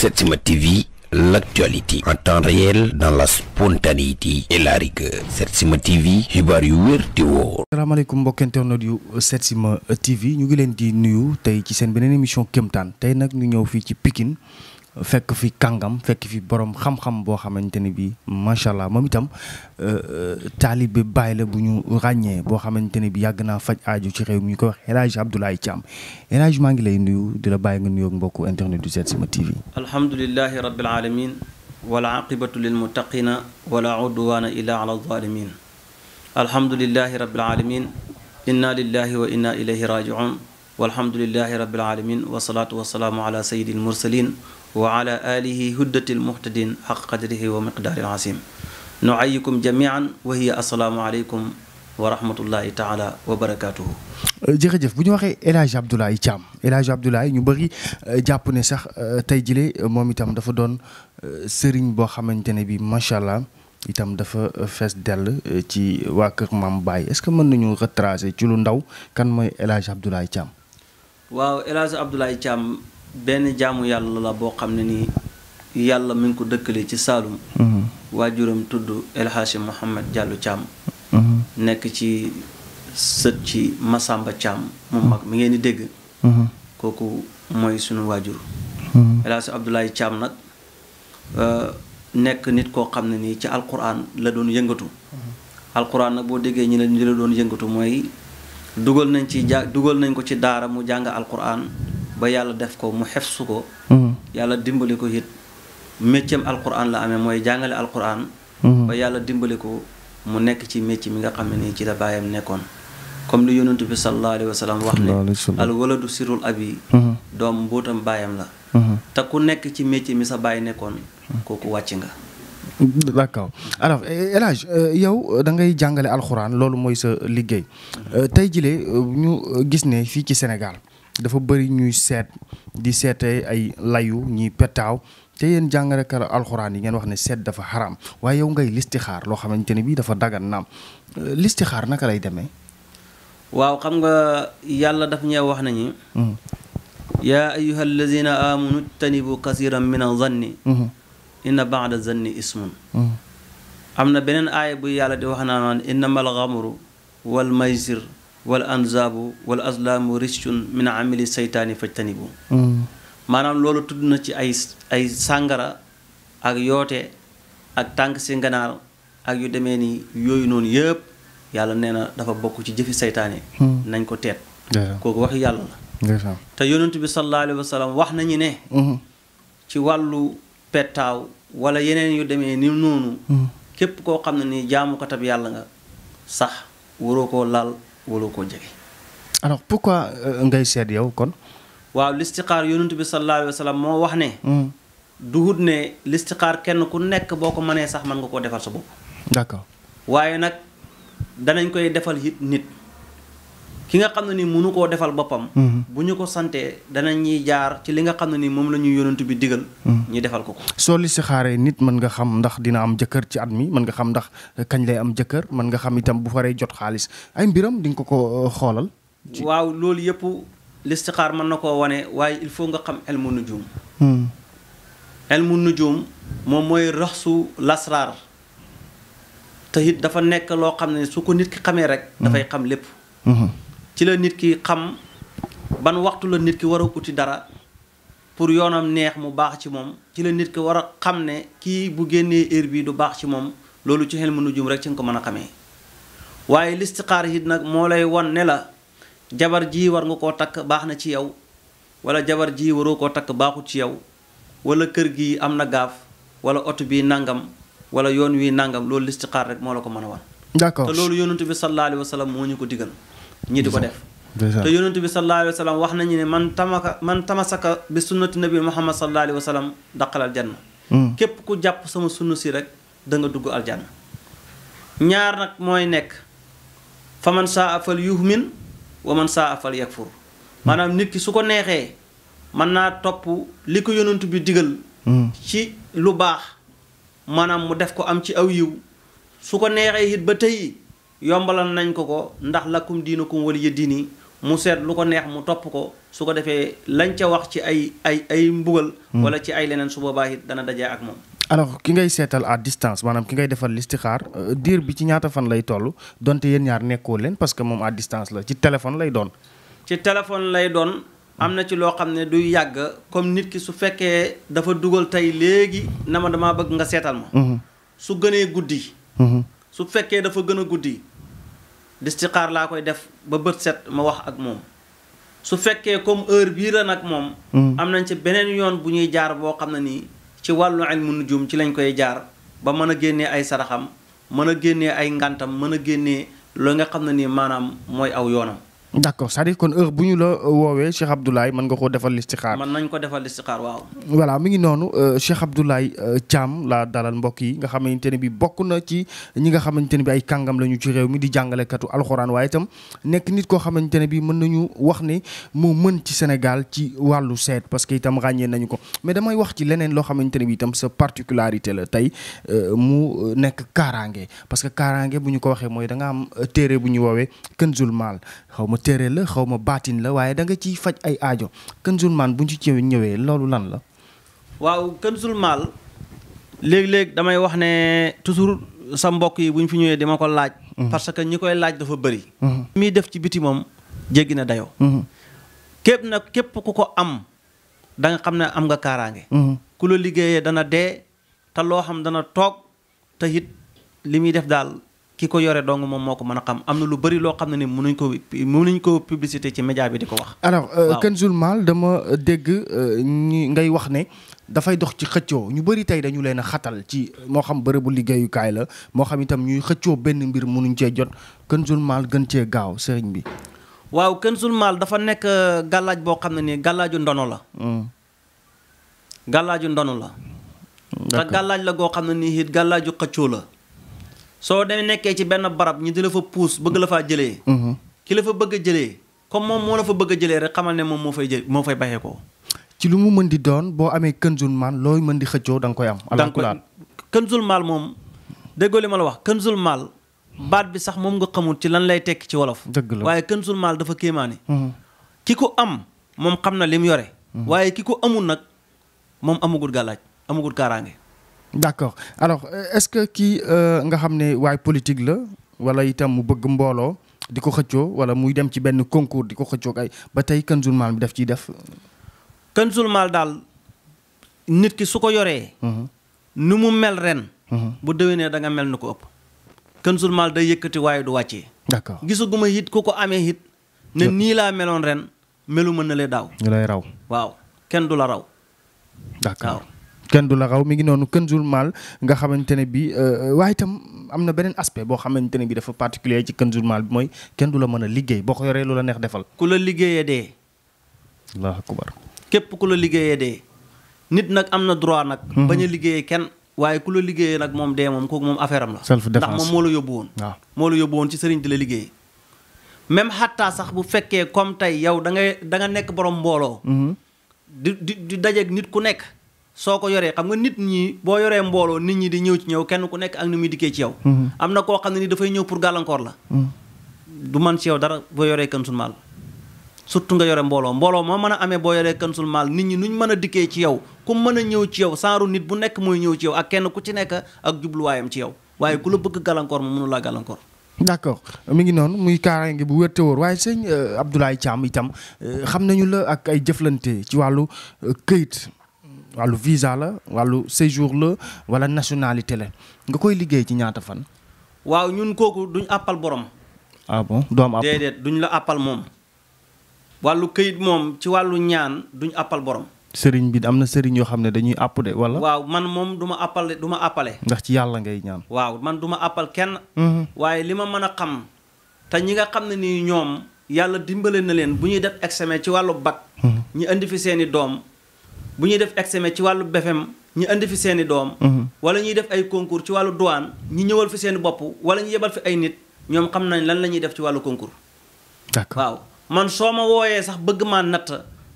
Setsima TV l'actualité en temps réel dans la spontanéité et la rigueur Setsima TV xibaar yu wér te wóor salaamaaleykum mbokk internet yu Setsima TV ñu ngi leen di nuyu tey ci seen beneen émission kéemtaan tey nag ñu ñëw fii ci Pikine fekk fi kàngam fekk fi borom xam-xam boo xamante ne bii macha allah moom itam euh, euh, bi bàyyi la bu ñu ràññee boo xamante ne bii yàgg naa faj aajo ci réew mi ñu koy wax El Hadj Abdoulaye Thiam maa ngi lay nuyu di la bàyyi nga nuyoog mbokku internet du Setsima TV. alhamdulilahi rabbil alamin wal aqibatu lil muttaqina wala udwana illa ala zalimin alhamdulilahi rabbil alamin inna lillahi wa inna ilayhi rajiun walhamdulilahi rabbil alamin wasalaatu wasalaamu ala sayyidil mursalin wa ala alihi huddatil muhtadin haq qadrihi wa miqdaaril asim nuayikum jamian wa hiya assalaamu aleykum wa rahmatullahi taala wa barakaatuhu euh, jërëjëf bu ñu waxee El Hadj Abdoulaye Thiam El Hadj Abdoulaye ñu bëri euh, jàpp ne sax euh, tey jile moom itam dafa doon sëriñ boo xamante ne bi macha allah itam dafa fees dell ci waa kër Maam Baye est-ce que mën nañu retracer ci lu ndaw kan mooy El Hadj Abdoulaye waaw El Hadj Abdoulaye benn jaamu yàlla la boo xam ne nii yàlla mi ngi ko dëkkale ci Saalum. Mhm. waajuram tudd El Hadji Mouhamed Diallo Thiam. Mhm. nekk ci sët ci Massamba Thiam mu mhm. mag mi ngeen di dégg. kooku mooy sunu waajur. El Hadji Abdoulaye Thiam nag euh, nekk nit koo xam ne nii ci alquran la doon yëngatu. alquran nag boo déggee ñi la ñu la doon yëngatu mooy dugal nañ ci ja dugal nañ ko ci daara mu jàng alquran. ba yàlla def ko mu xefsu ko mm-hmm. yàlla dimbali ko it mécceem alquran la amee mooy jàngale alquran mm-hmm. ba yàlla dimbali ko mu nekk ci mécc mi nga xam ne nii ci la baayam nekkoon comme lu yonent bi sallallahu alayhi wa sallam wax ne al waladu sirul abi mm-hmm. doom baayam la te ku nekk ci mécc mi sa baay nekkoon kooku wàcc nga d'accord alors euh, yow euh, da ngay jàngale alxuraan loolu mooy sa liggéey euh, tey jilee ñu gis ne fii ci Sénégal dafa bëri ñuy seet di seetee ay layu ñuy petaaw te yéen jàngalekat alxuraan yi ngeen wax ne seet dafa xaraam waaye yow ngay listixaar loo xamante ne bii dafa dagan naam listixaar naka lay demee. waaw xam nga yàlla daf ñee wax nañu. Hmm. yaa ayyuha allazina amanu tanibu kasiran min azanni hmm. inna baada zanni ismun hmm. am na beneen aaya bu yàlla di wax naan innamal xamru wal maysir wal anzaabu wal azlaamu riscun min amili seytaani fajtanibu maanaam loolu tudd na ci ay ay sàngara ak yoote ak tànk si nganaar ak yu demee ni yooyu noonu yëpp yàlla nee na dafa bokk ci jëfi seytaane hmm. nañ ko teet kooku wax yàlla la te yonent bi sallallahu alayhi wax nañu ne hmm. ci wàllu pettaaw wala yeneen yu demee ni noonu hmm. képp koo xam ne ni jaamukatab yàlla nga sax waroo koo laal waroo koo jege. alors pourquoi euh, ngay seet yow kon. waaw listixaar yonent bi sa alayhi wa sallam moo wax ne. du hmm. duhut ne listixaar kenn ku nekk boo ko mënee sax mën nga koo defal sa bopp. d'accord waaye nag danañ koy defal nit. ki nga xam ne ni mënu koo defal boppam mm-hmm. bu ñu ko santee dana ñuy jaar ci li nga xam ne ni moom la ñuy yonent bi digal mm-hmm. ñu defal ko ko soo listixaaree nit mën nga xam ndax dina am jëkkër ci at mi mën nga xam ndax kañ lay am jëkkër mën nga xam itam bu faree jot xaalis ay mbiram di ko ko euh, xoolal waaw loolu yëpp listixaar mën na koo wane waaye il faut nga xam elmu nujum mm-hmm. elmu nujum moom mooy raxsu lasraar te it dafa nekk loo xam ne su ko nit ki xamee rek dafay xam lépp ci la nit ki xam ban waxtu la nit ki war a uti dara pour yoonam neex mu baax ci moom ci la nit ki war a xam ne kii bu génnee heure bi du baax ci moom loolu ci xel mu nujum rek ci nga ko mën a xamee waaye listixaar it nag moo lay wan ne la jabar ji war nga koo takk baax na ci yow wala jabar ji waroo koo takk baaxut ci yow wala kër gi am na gaaf wala oto bi nangam wala yoon wi nangam loolu listixaar rek moo la ko mën a wan d'accord te loolu yonent bi sallallahu alayhi wa ñu ko digal ñi di ko def te yonent bi sallallahu alayhi wa wax nañu ne man tamaka man tamasaka bi sunnati nabi muhammad sallallahu alayhi wa sallam daqal aljanna hmm. képp ku jàpp sama sunna si rek da nga dugg aljanna ñaar nag mooy nekk fa man saa afal yuhmin wa man saa afal yakfur hmm. maanaam nit ki su ko neexee mën naa topp li ko yonantu bi digal hmm. ci lu baax maanaam mu def ko am ci aw yiw su ko neexee it ba tey yombalal nañ ko ko ndax la diina lakum diinukum waliya nii mu seet lu ko neex mu topp ko su ko defee lañ ca wax ci ay ay ay mbugal. Hmm. wala ci ay leneen su boobaa it dana dajee ak moom. alors ki ngay seetal à distance maanaam ki ngay defal listixaar euh, diir bi ci ñaata fan lay toll donte yéen ñaar nekkoo leen parce que moom à distance la ci téléphone lay doon. ci téléphone lay doon. am na ci loo xam ne duy yàgg comme nit ki su fekkee dafa dugal tey léegi na ma damaa bëgg nga seetal ma. Hmm. su gënee guddi. Hmm. su fekkee dafa gën a guddi. listixaar laa koy def ba bët set ma wax ak moom su fekkee comme heure bii la nag moom mm. am nañ ci beneen yoon bu ñuy jaar boo xam ne nii ci wàllu ilmu nujum ci lañ koy jaar ba mën a génnee ay saraxam mën a génnee ay ngantam mën a génnee loo nga xam ne nii maanaam mooy aw yoonam d' accord cest kon heure bu ñu la euh, woowee Cheikh Abdoulaye mën nga koo defal listixaar. mën nañ ko defal listixaar waaw. voilà mi ngi noonu euh, Cheikh Abdoulaye euh, Thiam laa dalal mbokk yi nga xamante ne bi bokk na ci ñi nga xamante ne bi ay kàngam lañu ci réew mi di jàngalekatu alxuraan waaye itam nekk nit koo xamante ne bi mën nañu wax ni moo mën ci Sénégal ci wàllu seet parce que itam ràññee nañu ko mais damay wax ci leneen loo xamante ne bi itam sa particularité la tey mu nekk kaaraange parce que kaaraange bu ñu ko waxee mooy da am téere bu ñu woowee Kanzul Maal xaw ma téere la xaw ma baatin la waaye da nga ciy faj ay aajo Kanzul Maal bu ñu ci ñëwee loolu lan la. waaw Kanzul Maal léeg-léeg damay wax ne toujours sa mbokk yi bu ñu fi ñëwee dama ko laaj. Mhm. parce que ñi koy laaj dafa bëri. Mhm. muy def ci biti moom jéggi na dayoo. Mhm. képp na képp ku ko am da nga xam ne am nga kaaraange. ku la liggéeyee dana dee te loo xam dana toog te it li muy def daal. ki ko yore dong moom moo ko mën a xam am na lu bari loo xam ne ni mënuñ ko mënuñ ko publicité ci média bi di ko wax. alors euh, Kenzoul Maal dama dégg euh, ñi ngay wax ne dafay dox ci xëccoo ñu bari tey dañu leen a xatal ci moo xam bërëbu liggéeyukaay la moo xam itam ñuy xëccoo benn mbir mënuñ cee jot Kenzoul Maal gën cee gaaw sëriñ bi. waaw Kenzoul Maal dafa nekk euh, gàllaaj boo xam ne nii gàllaaju ndono la. Hmm. gàllaaju ndono la. te gàllaaj la goo xam ne nii it gàllaaju xëccoo la. soo demee nekkee ci benn barab ñu di la fa puus bëgg la faa jëlee. Mm-hmm. ki la fa bëgg a jëlee comme moom moo la fa bëgg a jëlee rek xamal ne moom moo fay jël moo fay baxee ko. ci mu mën di doon boo amee Kanzul Maal looy mën di xëccoo da nga koy am. da nga koy Kanzul Maal moom déggoo li ma la wax Kanzul Maal baat bi sax moom nga xamul ci lan lay tekki ci wolof. dëgg la waaye Kanzul Maal dafa kéemaane. Mm-hmm. ki ko am moom xam na li mu yore. Mm-hmm. waaye ki ko amul nag moom amagul gàllaaj amagul kaaraange. d'accord alors euh, est-ce que kii euh, nga xam ne waay politique la wala itam mu bëgg mbooloo di ko xëccoo wala muy dem ci benn concours di ko xëccoo ay ba tey Kanzul Maal bi daf ciy def. Kanzul Maal daal nit ki su ko yoree. Mhm. nu mu mel ren. Mhm. bu dewee da danga mel ni ko ëpp. Kanzul Maal day yëkkati waaye du wàccee. d'accord gisaguma hit ku ko amee hit. ne nii laa meloon ren melu mën na lay daaw. ñu lay raw waaw kenn du la raw. d'accord waaw. kenn du la raw mi ngi noonu Kunzul Maal nga xamante ne bi euh, euh, waaye itam am na beneen aspect boo xamante ne bi dafa particulier ci Kunzul Maal bi mooy kenn du la mën a liggéey boo ko yoree lu la neex defal ku la liggéeyee dee allahu akbar képp ku la liggéeyee dee nit nag am na droit nag mhm. bañ a liggéeye kenn waaye ku la liggéeyee nag moom dee moom kooku moom affaire am la self ndax moom moo la yóbbu woon waaw moo la yóbbu woon ci sëriñ di la liggéeyee même xattaa sax bu fekkee comme tey yow dangay ngay da nga nekk borom mbooloo mhm. di di di nit ku nekk soo ko yoree xam nga nit ñi boo yoree mbooloo nit ñi di ñëw ci ñëw kenn ku nekk ak ni muy dikkee ci yow. Mm-hmm. am na koo xam ne ni dafay ñëw pour gàllankoor la. Mm-hmm. du man ci yow dara boo yoree kansul maal surtout nga yore mbooloo mbooloo moo mën a amee boo yoree kansul nit ñi nuñ mën a dikkee ci yow ku mën a ñëw ci yow saaru nit bu nekk mooy ñëw ci yow ak kenn ku ci nekk ak jubluwaayam ci yow waaye ku la bëgg gàllankoor mu mënu laa gàllankoor. d' accord mi ngi noonu muy ngi bu wér te wóor waaye sëñ euh, Abdoulaye Thiam itam euh, xam nañu la ak ay jëflante ci wàllu euh, këyit wàllu visa la wàllu séjour la wala nationalité la nga koy liggéey ci ñaata fan. waaw ñun kooku duñ àppal borom. ah bon du duñ la àppal moom. wàllu kayit moom ci wàllu ñaan duñ àppal borom. sëriñ bi am na sëriñ yoo xam ne dañuy àpp de wala. waaw man moom du ma àppal duma ma àppale. ndax ci yàlla ngay ñaan. waaw man duma ma àppal kenn. Mhm. waaye li ma mën a xam te ñi nga xam ne nii ñoom yàlla dimbale na leen bu ñuy def examen ci wàllu bac. Mhm. ñu indi fi seeni doom. bu ñuy def examen ci wàllu BFEM ñu indi fi seeni doom mhm. wala ñuy def ay concours ci wàllu douane ñu ñëwal fi seeni bopp wala ñu yebal fi ay nit ñoom xam nañ lan la ñuy def ci wàllu concours waaw man soo ma wooyee sax bëgg maa natt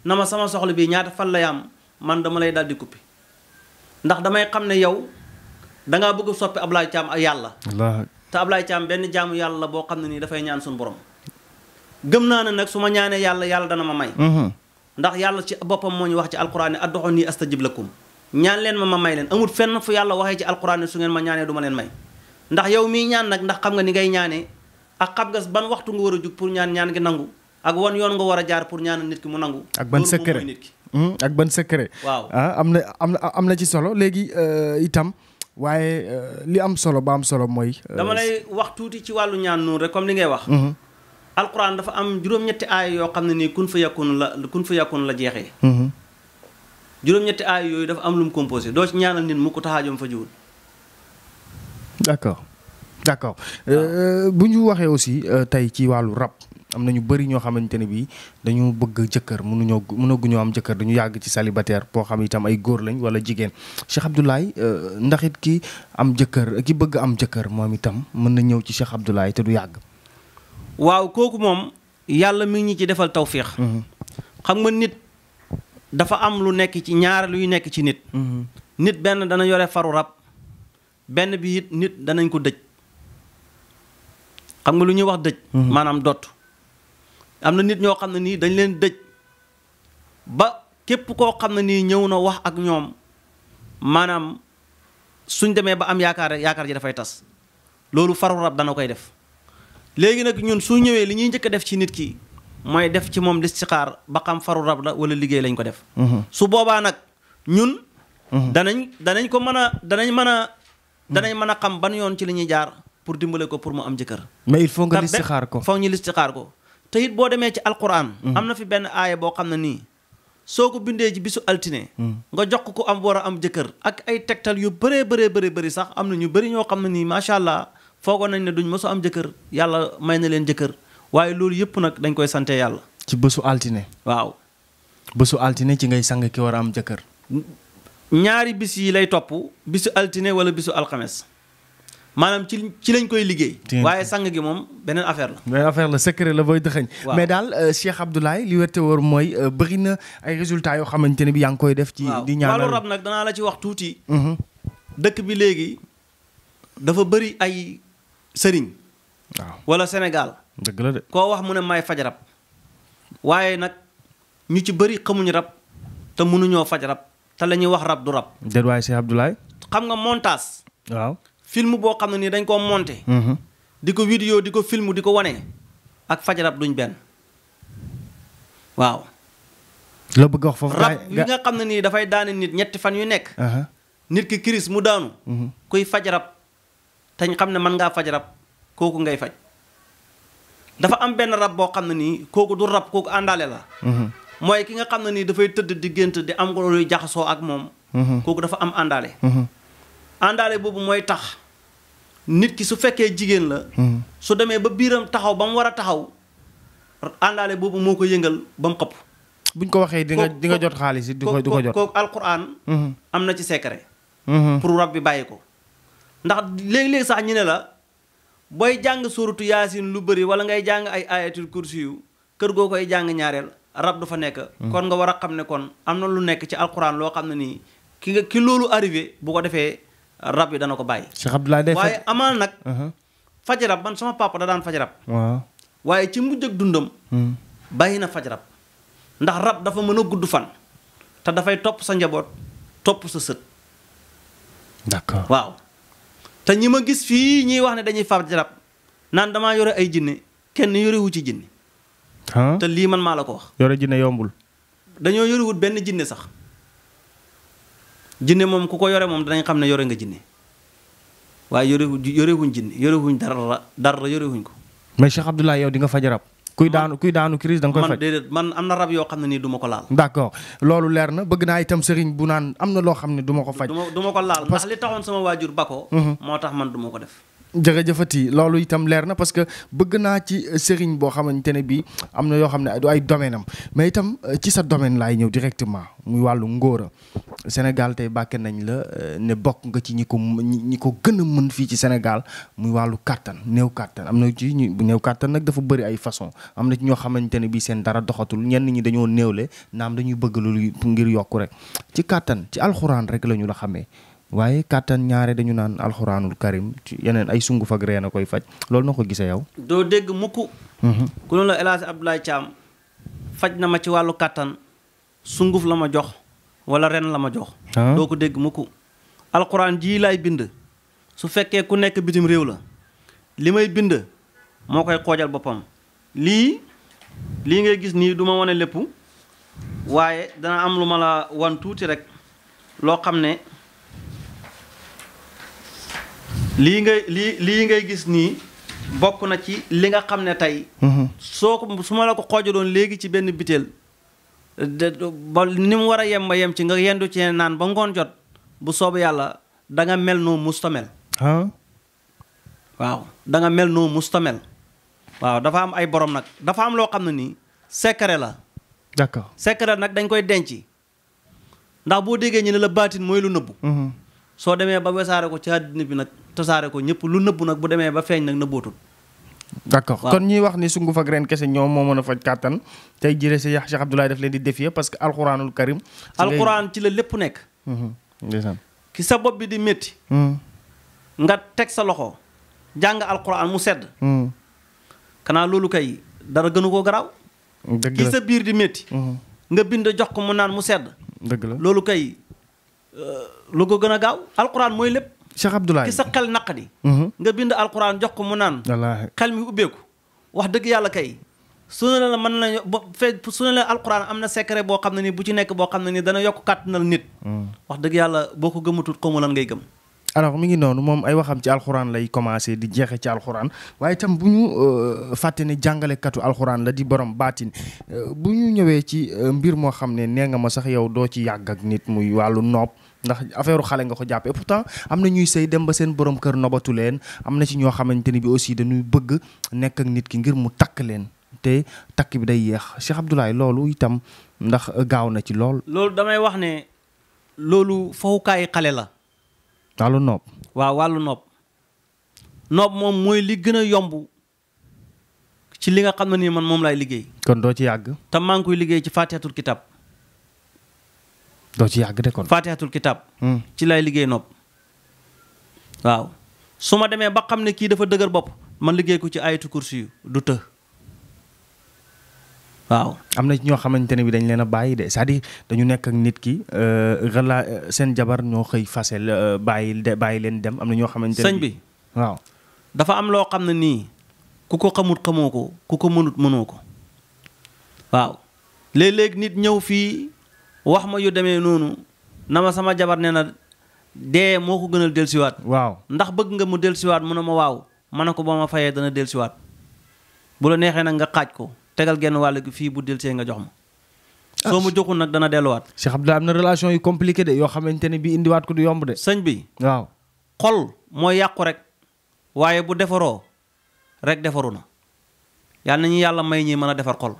na ma sama soxla bii ñaata fan lay am man dama lay daal di kuppi ndax damay xam ne yow dangaa bëgg soppi Ablaye caam ak yàlla te Ablaye Thiam benn jaamu yàlla boo xam ne nii dafay ñaan suñu borom gëm naa ne nag su ma ñaanee yàlla yàlla dana ma may mhm. ndax yàlla ci boppam moo ñu wax ci alquran ne ad'uuni astajib lakum ñaan leen ma ma may leen amul fenn fu yàlla waxee ci alquran ne su ngeen ma ñaanee du ma leen may ndax yow mii ñaan nag ndax xam nga ni ngay ñaane ak xam nga ban waxtu nga war a jug pour ñaan ñaan gi nangu ak wan yoon nga war a jaar pour ñaan nit ki mu nangu. ak ban secret nit ki. Hmm? ak ban secret. waaw ah, am na am na am na ci solo léegi euh, itam waaye euh, li am solo ba am solo mooy. Euh, dama lay wax tuuti ci wàllu ñaan noonu rek comme li ngay wax. Mm-hmm. alquran dafa am juróom-ñetti aay yoo xam ne nii kun fa yakun la kun fa yakun la jeexee. Mhm. juróom-ñetti aay yooyu dafa am lu mu composé doo ci ñaanal nit mu ko taxaajoom fa jiwul. d'accord euh, bu ñu waxee aussi euh, tey ci wàllu rab am na ñu bëri ñoo xamante ne bii dañu bëgg jëkkër mënuñoo mënaguñoo am jëkkër dañu yàgg ci célibataire boo xam itam ay góor lañ wala jigéen Cheikh Abdoulaye euh, ndax it ki am jëkkër ki bëgg am jëkkër moom itam mën na ñëw ci Cheikh Abdoulaye te du yàgg. waaw kooku moom yàlla mi ngi ñu ci defal tawfiix mm-hmm. xam nga nit dafa am lu nekk ci ñaar luy nekk ci nit mm-hmm. nit benn dana yore faru rab benn bi it nit danañ ko dëj xam nga lu ñuy wax dëj mm-hmm. maanaam dott am na nit ñoo xam ne nii dañ leen dëj ba képp koo xam ne nii ñëw na wax ak ñoom maanaam suñ demee ba am yaakaar yaakaar ji dafay tas loolu faru rab dana koy def léegi nag ñun su ñëwee li ñuy njëkk a def ci nit ki mooy def ci moom listixaar ba xam faru rab la wala liggéey lañ ko def. Mhm. su boobaa nag ñun. Mhm. danañ danañ ko mën a danañ mën a. Mhm. danañ mën a xam ban yoon ci li ñuy jaar pour dimbale ko pour mu am jëkkër. mais il faut nga listixaar ko foog ñu listixaar ko. te it boo demee ci alquran. am na fi benn aaya boo xam ne nii. soo ko bindee ci bisu altine nga jox ko am war a am jëkkër ak ay tegtal yu bëree bëree bëri bëri sax am na ñu bëri ñoo xam ne nii macha allah foogoon nañ ne duñ mësu am jëkkër yàlla may na leen jëkkër waaye loolu yëpp nag dañ koy sante yàlla. ci bésu altine. waaw. bësu altine ci ngay sang ki war a am jëkkër. ñaari bis yi lay topp bisu altine wala bisu alxames maanaam ci ci lañ koy liggéey. waaye sang gi moom beneen affaire la. beneen la secret la booy dëxëñ. mais daal euh, Cheikh Abdoulaye li wette wóor mooy euh, bëri na ay résultat yoo xamante ne bi yaa ngi koy def. ci di ñaanal wàllu rab nag danaa la ci wax tuuti. Mhm. dëkk sëriñ. waaw wala Sénégal. dëgg la de koo wax mu ne may faj rab. waaye nag ñu ci bëri xamuñu rab te mënuñoo faj rab te lañuy wax rab du rab. déedéet xam nga montage. waaw film boo xam ne nii dañ koo monté. Mm-hmm. di ko di ko film di ko wane ak duñ benn waaw. la bëgg wax foofu rab yi nga xam ne nii dafay daane nit ñetti fan yu nekk. Uh-huh. nit ki kiris mu daanu. Mm-hmm. kuy faj rab te ñu xam ne man ngaa faj rab kooku ngay faj dafa am benn rab boo xam ne nii kooku du rab kooku àndaale la. Mhm. mooy ki nga xam ne nii dafay tëdd di gént di am ko luy jaxasoo ak moom. Mhm. kooku dafa am àndaale. Mhm. àndaale boobu mooy tax nit ki su fekkee jigéen la. su demee ba biiram taxaw ba mu war a taxaw àndaale boobu moo ko yëngal ba mu xëpp. buñ ko waxee dinga nga di nga jot xaalis di ko di ko jot kooku alquran. am na ci secret. pour rab bi bàyyi ko. ndax léegi-léegi sax ñu ne la booy jàng suuratu yaasin lu bari wala ngay jàng ay ayatul kursi yu kër goo koy jàng ñaareel rab du fa nekk hmm. kon nga war a xam ne kon am na lu nekk ci alquran loo xam ne nii ki nga ki loolu arrivé bu ko defee rab yi dana ko bàyyi waaye amaan nag uh-huh. faj rab man sama papa da daan faj rab waaye ci mujj ak dundam hmm. bàyyi na faj rab ndax rab dafa mën a gudd fan te dafay topp sa njaboot topp sa sët waaw te ñi ma gis fii ñiy wax ne dañuy fab jarab naan damaa yore ay jinne kenn yorewu ci jinne te lii man maa la ko wax. yore jinne yombul. dañoo yorewut benn jinne sax jinne moom ku ko yore moom danañ xam ne yore nga jinne waaye yorewu yorewuñ jinne yorewuñ dara dara yorewuñ ko. mais Cheikh Abdoulaye yow di nga fa jarab. kuy daanu kuy daanu crise da nga koy faj man déedéet man am na rab yoo xam ne nii du ma ko laal d'accord loolu leer na bëgg naa itam sëriñ bu naan am na loo xam ne duma ko faj du ma ko laal ndax li taxoon sama waajur ba ko mhm. moo tax man du ma ko def jërëjëfati loolu itam leer na parce que bëgg naa ci euh, sëriñ boo xamante ne bii am na yoo xam ne du ay domaine am mais itam euh, ci sa domaine laay ñëw directement muy wàllu ngóora Sénégal tey bàkke nañ la euh, ne bokk nga ci ñi ko ñi ko gën mën fii ci Sénégal muy wàllu kàttan néew kàttan am na ci ñu néew kàttan nag dafa bëri ay façon am na ci ñoo xamante ne bii seen dara doxatul ñenn ñi dañoo néewle naam dañuy bëgg lu ngir yokk rek ci kàttan ci alxuraan rek la ñu la xamee waaye kàttan ñaare dañu naan alxuraanul karim yeneen ay sunguf ak reen a koy faj loolu noo ko gisee yow. doo dégg mukk. Mhm. ku ne la El Hadj Abdoulaye faj na ma ci wàllu kàttan sunguf la ma jox wala ren la ma jox. Ah. doo ko dégg mukk. alxuraan jii laay bind su fekkee ku nekk bitim réew la li may bind moo koy xoojal boppam lii lii ngay gis nii du ma wane lépp waaye dana am lu ma la wan tuuti rek loo xam ne. lii ngay lii lii ngay gis nii bokk na ci li nga xam ne tey. Mhm. soo ko su ma la ko xoojaloon léegi ci benn bitéel ba ni mu war a yem ba yem ci nga yendu ci naan ba ngoon jot bu soob yàlla danga nga mel noo mustamel. Ah. waaw da mel noo mustamel. waaw dafa am ay borom nag dafa am loo xam ne nii secret la. d'accord secret nag dañ koy denc. ndax boo déggee ñu ne la baatin mooy lu nëbbu. Mhm. soo demee ba wesaare ko ci àddina bi nag. tasaare ko ñëpp lu nëbbu nag bu demee ba feeñ nag nëbbootul. d'accord kon ñuy wax ni sunguf ak reen kese ñoom moo mën a faj kàttan tey jëree si Cheikh Abdoulaye def leen di défier parce que alxuraanul karim. alxuraan ci la lépp nekk. Mhm. ki sa bopp bi di métti. Mhm. nga teg sa loxo jàng alxuraan mu sedd. kanaa mhm. loolu kay dara gënu ko garaaw. ki sa biir di métti. nga bind jox ko mu naan mu sedd. dëgg la loolu kay euh, lu ko gën a gaaw alxuraan mooy lépp. Cheikh Abdoulaye ki sa xel naqadi mhm. nga bind alquran jox ko mu naan wallaahi xel mi ubbeeku wax dëgg yàlla kay su ne la mën nañu ba fe su ne la alquran am na secret boo xam ne ni bu ci nekk boo xam ne ni dana yokk kàttanal nit mhm. wax dëgg yàlla boo ko gëmatut xaw ma lan ngay gëm alors mi ngi noonu moom ay waxam ci alxuraan lay commencé di jeexe ci alxuraan waaye itam bu ñu euh, fàtte ne jàngalekatu alxuraan la di borom baatin euh, bu ñu ñëwee ci euh, mbir moo xam ne nee nga ma sax yow doo ci yàgg ak nit muy wàllu noob ndax affaire xale nga ko jàppee pourtant am na ñuy sëy dem ba seen boroom kër nobatu leen am na ci ñoo xamante ni bi aussi dañuy bëgg nekk ak nit ki ngir mu takk leen te takk bi day yeex yéex Cheikh Abdoulaye loolu itam ndax gaaw na ci lool. loolu damay wax ne loolu fawukaayu xale la. wàllu noob. waaw wàllu noob. noob moom mooy li gën a yomb ci li nga xam ne nii man moom laay liggéey. kon doo ci yàgg. te maa ngi koy liggéey ci Faatihatul Kitab. doo ci yàgg de kon faatihatul kitaab. Hmm. ci lay liggéey nopp waaw su ma demee ba xam ne kii dafa dëgër bopp man liggéey ko ci ayatu kursi yu du të. waaw am na ñoo xamante ne bi dañ leen a bàyyi de cest dañu nekk ak nit ki euh, rela seen jabar ñoo xëy fasel euh, bàyyi de bàyyi leen dem am na ñoo xamante ne bi waaw dafa am loo xam ne nii ku ko xamut xamoo ko ku ko mënut mënoo ko waaw léeg-léeg nit ñëw fii wax ma yu demee noonu na ma sama jabar nee na dee moo ko gënal dellusiwaat. waaw ndax bëgg nga mu dellusiwaat mu ne ma waaw ma ne ko boo ma fayee dana dellusiwaat bu la neexee nag nga xaaj ko tegal genn wàll fii bu dellusee nga jox ma. Ah, soo ma joxul nag dana delluwaat. Cheikh Abdoulaye am na relation yu compliqué de yoo xamante ne bii indiwaat ko du yomb de. sëñ bi waaw xol mooy yàqu rek waaye bu defaroo rek defaru na yàlla na ñu yàlla may ñi mën a defar xol.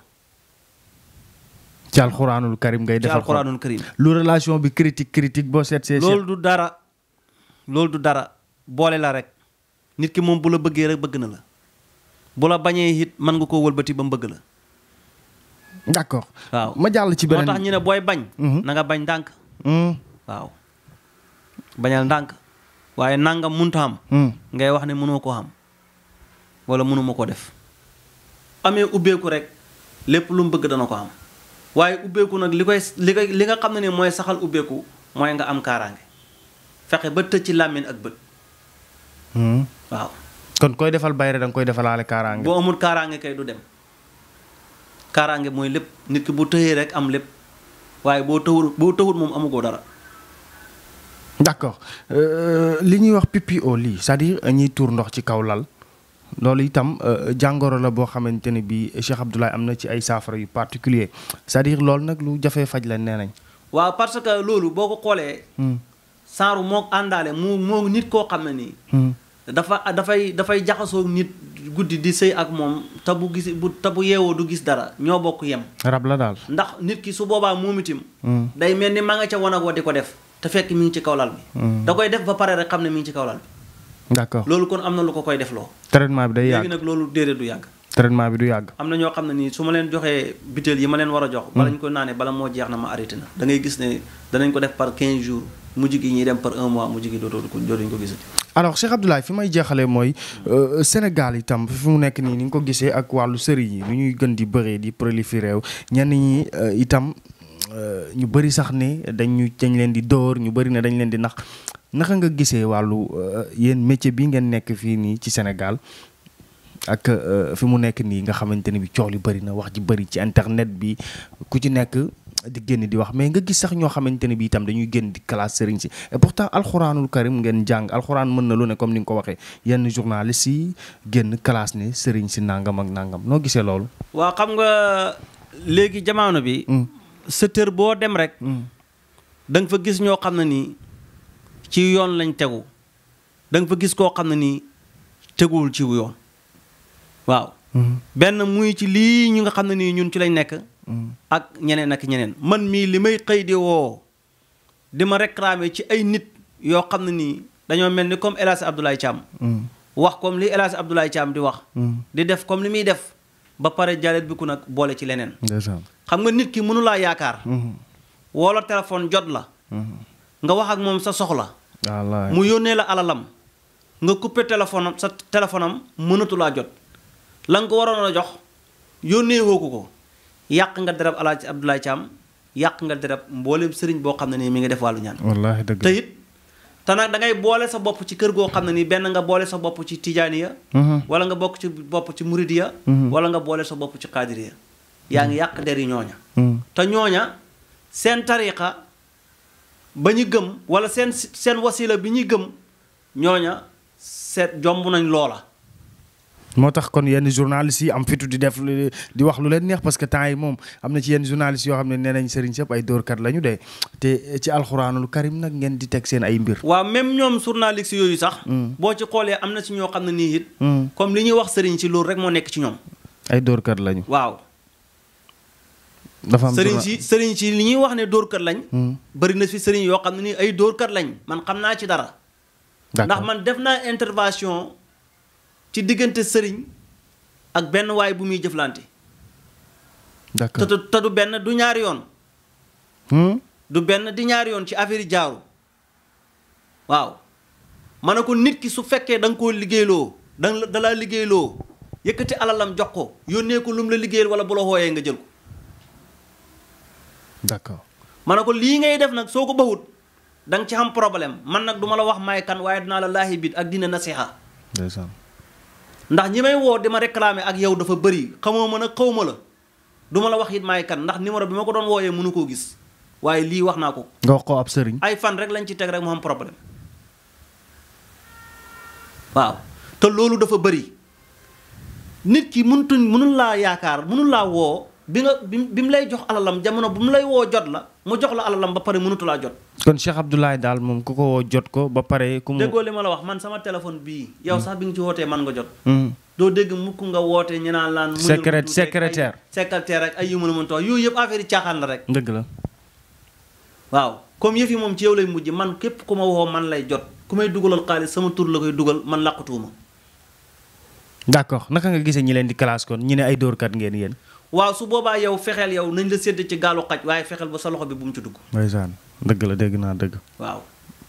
ci alxuraanul karim ngay defal ci alxuraanul karim lu relation bi critique critique boo seet see loolu du dara loolu du dara boole la rek nit ki moom bu la bëggee rek bëgg na la bu la bañee it mën nga koo wëlbati ba mu bëgg la d'accord ma jàll ci beneen moo ñu ne booy bañ mhm. na bañ ndànk mhm. waaw waaye nangam munta am mhm. ngay wax ne mënoo ko am wala mënuma ko def amee ubbeeku rek lépp lu mu bëgg dana ko am waaye ubbeeku nag li koy li ko li nga xam ne ni mooy saxal ubbeeku mooy nga am kaaraange fexe ba tëj ci làmmiñ ak bët. Hmm. waaw. kon koy defal bayre danga koy defalaale kaaraange. boo amul kaaraange kay du dem kaaraange mooy lépp nit ki bu tëyee rek am lépp waaye boo tëwul boo tëwul moom amugoo dara. d' accord euh, li ñuy wax pippi au lit c'est-à-dire tuur ndox ci kaw lal loolu itam euh, jàngoro la boo xamante ne bii Cheikh Abdoulaye am na ci ay saafara yu particulier c'est-à-dire loolu nag lu jafee faj la nee nañ waaw parce que loolu boo ko xoolee hmm. saaru moo àndaale mu moo nit koo xam ne nii hmm. dafa dafay dafay jaxasoo nit guddi di sëy ak moom te bu gis bu te bu yeewoo du gis dara ñoo bokk yem rab la daal ndax nit ki su boobaa moom itam hmm. day mel ni ma nga ca wanag wa di ko def te fekk mi ngi ci kawlal bi da koy def ba pare rek xam ne mi ngi ci kawlal d'accord loolu kon am na lu ko koy defloo. traitement bi day yàgg nag loolu déedéet du yàgg. traitement bi du yàgg. am na ñoo xam ne nii su ma leen joxee butéel yi ma leen war a jox. bala hmm. ñu ko naanee bala moo jeex na ma arrêté na. da gis ne danañ ko def par 15 jours mujj gi ñuy dem par un mois mujj gi dootoo ko dootuñ ko gisati. alors Cheikh Abdoulaye fi may jeexalee mooy euh, Sénégal itam fi mu nekk nii ni nga ko gisee ak wàllu sëriñ yi nu ñuy gën di bëree di proliféré wu ñenn ñi euh, itam euh, ñu bëri sax ni dañu ñu dañ leen di dóor ñu bëri ne dañ leen di nax naka nga gisee wàllu euh, yéen métier bi ngeen nekk fii nii ci senegal ak euh, fi mu nekk nii nga xamante ne bi coow li bëri na wax ji bëri ci internet bi ku ci nekk di génn di wax mais nga gis sax ñoo xamante ne bi itam dañuy génn di classe sëriñ si et pourtant alxuraanul karim ngeen jàng alxuraan mën na lu comme ni nga ko waxee yenn journaliste yi génn classe ne sëriñ si nangam ak nangam noo gisee loolu. waaw xam nga léegi jamono bi. Hmm. secteur boo dem rek. Hmm. da nga fa gis ñoo xam ne nii. ci yoon lañ tegu danga nga fa gis koo xam ne nii teguwul ci yoon waaw. Mm-hmm. benn muy ci lii ñu nga xam ne nii ñun ci lañ nekk. Mm-hmm. ak ñeneen ak ñeneen man mii li may xëy di woo di ma réclamer ci ay nit yoo xam ne nii dañoo mel ni comme El Hadj Abdoulaye Thiam. Mm-hmm. wax comme li El Hadj Abdoulaye Thiam di wax. di def comme li muy def ba pare jaleet bi ku nag boole ci leneen. xam nga nit ki mënulaa laa yaakaar. woo la téléphone jot la. nga wax ak moom sa soxla. mu yónnee la alalam nga coupé téléphone am sa téléphone mënatulaa jot la nga ko waroon a jox yónnee woo ko yàq nga dereb Alaaji Abdoulaye Thiam yàq nga dereb mbooleem sëriñ boo xam ne nii mi ngi def wàllu ñaan. wallaahi dëgg te it nag da ngay boole sa bopp ci kër goo xam ne nii benn nga boole sa bopp ci tijaaniya mhm. wala nga bokk ci bopp ci ya mhm. wala nga boole sa bopp ci qaadiriya yaa ngi yàq der yi ñooña mhm. te ñooña seen tariqa ba ñu gëm wala seen seen wasila bi ñuy gëm ñooña seet jomb nañ loola. moo tax kon yenn journalistes yi am fitu di def di wax lu leen neex parce que temps yi moom am na ci yenn journalistes yoo xam ne nee nañ sëriñ sëpp ay dóorkat la ñu dee te ci alxuraanul karim nag ngeen di teg seen ay mbir. waa même ñoom journalistes yooyu sax. Mm. boo ci xoolee am na ci ñoo xam ne nii it. Mm. comme li ñuy wax sëriñ si loolu rek moo nekk ci ñoom. ay dóorkat lañu. waaw dafa am sëriñ si sëriñ si li ñuy wax ne dóorkat lañ. Hmm. bari na fi sëriñ yoo xam ne ni ay dóorkat lañ man xam naa ci dara. ndax man def naa intervention ci diggante sëriñ ak benn waay bu muy jëflante. d'accord te du benn du ñaari yoon. Hmm? du benn di ñaari yoon ci affaire yi jaaru waaw ma ne ko nit ki su fekkee da nga koo liggéeyloo da nga da laa liggéeyloo yëkkati alalam jox ko yónnee ko mu la liggéeyal wala bu la nga jël ko. d'accord ma ne ko lii ngay def nag soo ko bawut da nga ci xam problème man nag duma la wax may kan waaye dinaa la laahi bit ak dina nasiha ndax ñi may woo di ma réclamer ak yow dafa bëri xamoo ma nag xaw ma la du ma la wax it maay kan ndax numéro bi ma ko doon wooyee mënu koo gis waaye lii wax naa ko. nga wax ko ab sëriñ. ay fan rek lañ ci teg rek mu am problème waaw te loolu dafa bari nit ki mënutuñ mënul laa yaakaar mënul laa woo bi nga bi mu lay jox alalam jamono bu mu lay woo jot la mu jox la alalam ba pare mënatulaa jot. kon Cheikh Abdoulaye daal moom ku ko woo jot ko ba pare. ku mu déggoo li ma la wax man sama téléphone bii. yow sax bi nga ci wootee man nga jot. Hmm. doo dégg mukk nga wootee ñu laan. secré secrétaire secrétaire rek ay yu ma la yooyu yëpp affaire yi caaxaan la la. waaw comme yëf yi moom ci yow lay mujj man képp ku ma woo man lay jot ku may dugalal xaalis sama tur la koy dugal man làqatuuma. d'accord naka nga gisee ñi leen di classe kon ñu ne ay dóorkat ngeen yéen waaw su boobaa yow fexeel yow nañ la sédd ci gaalu xaj waaye fexeel ba sa loxo bi bu mu ci dugg. ndeysaan dëgg la dégg naa dëgg. waaw.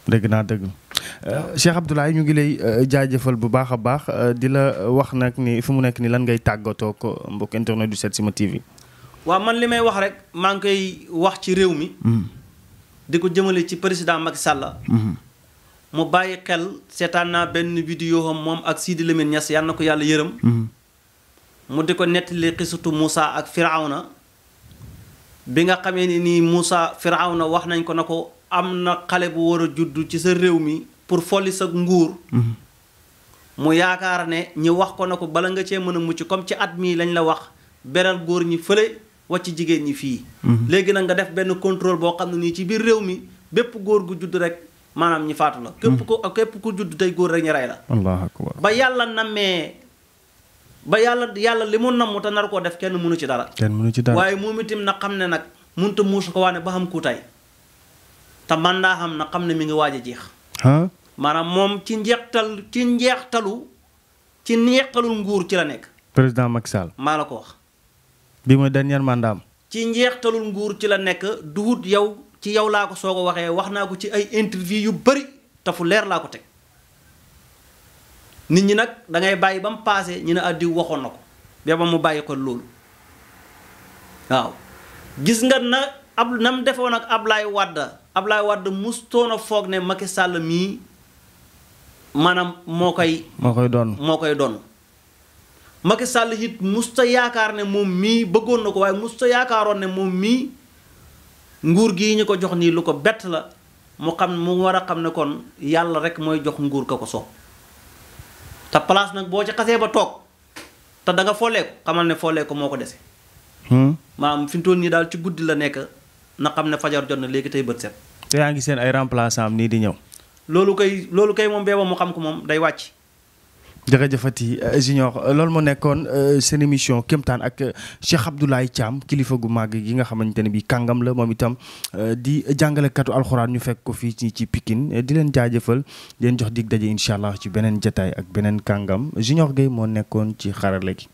dëgg naa dëgg euh, Cheikh Abdoulaye ñu ngi lay euh, jaajëfal bu baax a baax euh, di la wax nag ni fi mu nekk nii lan ngay tàggatoo ko mbokk internet du Setsima TV. waaw man li may wax rek maa ngi koy wax ci réew mi. Mm-hmm. di ko jëmale ci président mag Sall. Mm-hmm. mu bàyyi xel seetaan naa benn vidéo am moom ak sii di Lamine ñas yal na ko yàlla yërëm. Mm-hmm. mu di ko nettali xisatu Moussa ak na bi nga xamee ni nii Moussa na wax nañ ko na ko am na xale bu war a judd ci sa réew mi pour folli sa nguur mhm. mu yaakaar ne ñi wax ko na ko bala nga cee mën a mucc comme ci at mii lañ la wax beral góor ñi fële wàcc jigéen ñi fii mhm. léegi nag nga def benn contrôle boo xam ne nii ci biir réew mi bépp góor gu judd rek maanaam ñi faatu la mhm. képp ko képp ku judd tey góor rek ñu rey la ba yàlla nammee ba yàlla yàlla li mu namm te nar koo def kenn mënu ci dara. kenn mënu ci dara waaye moom itam na xam ne nag mënut muus ko waane ba xam tay te man daa xam na xam ne mi ngi waaj a jeex. maanaam moom ci njeextal ci njeextalu ci neextalul nguur ci la nekk. président Macky Sall. maa la ko wax. bi mooy dernier mandat am. ci njeextalul nguur ci la nekk duut yow ci yow laa ko soo ko waxee wax naa ko ci ay interview yu bëri te leer laa ko teg. nit ñi nag dangay bàyyi ba mu paase ñu ne addi waxoon na ko ba mu bàyyi ko loolu waaw gis nga na ab na mu defoon ak Ablaye Wade Ablaye Wade mustoon a foog ne Macky sàll mii maanaam moo koy. moo koy doon moo koy doon. Macky Sall it musta yaakaar ne moom mii bëggoon na ko waaye musta yaakaaroon ne moom mii nguur gii ñu ko jox nii lu ko bett la mu xam mu war a xam ne kon yàlla rek mooy jox nguur ka ko so te place nag boo ci xasee ba toog te da nga folleeku xamal ne ko moo ko dese. maam hmm? fi mu toll nii daal ci guddi la nekk na xam ne fajar jot na léegi tey bët set. te yaa ngi seen ay remplaçant am nii di ñëw. loolu koy loolu kay moom beeba mu xam ko moom day wàcc. jërëjëfati euh, Junior euh, loolu moo nekkoon euh, seen émission kéemtaan ak Cheikh Abdoulaye Thiam kilifa gu màgg gi nga xamante ne bi kàngam la moom itam di jàngalekatu alxuraan ñu fekk ko fii ci ci Pikine di leen jaajëfal di leen jox dig daje incha allah ci beneen jataay ak beneen kàngam Junior Gueye moo nekkoon ci xarala gi.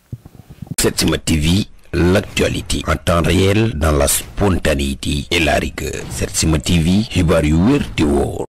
Setsima TV l'actualité en temps réel dans la spontanéité et set rigueur Setsima TV xibaar yu wér te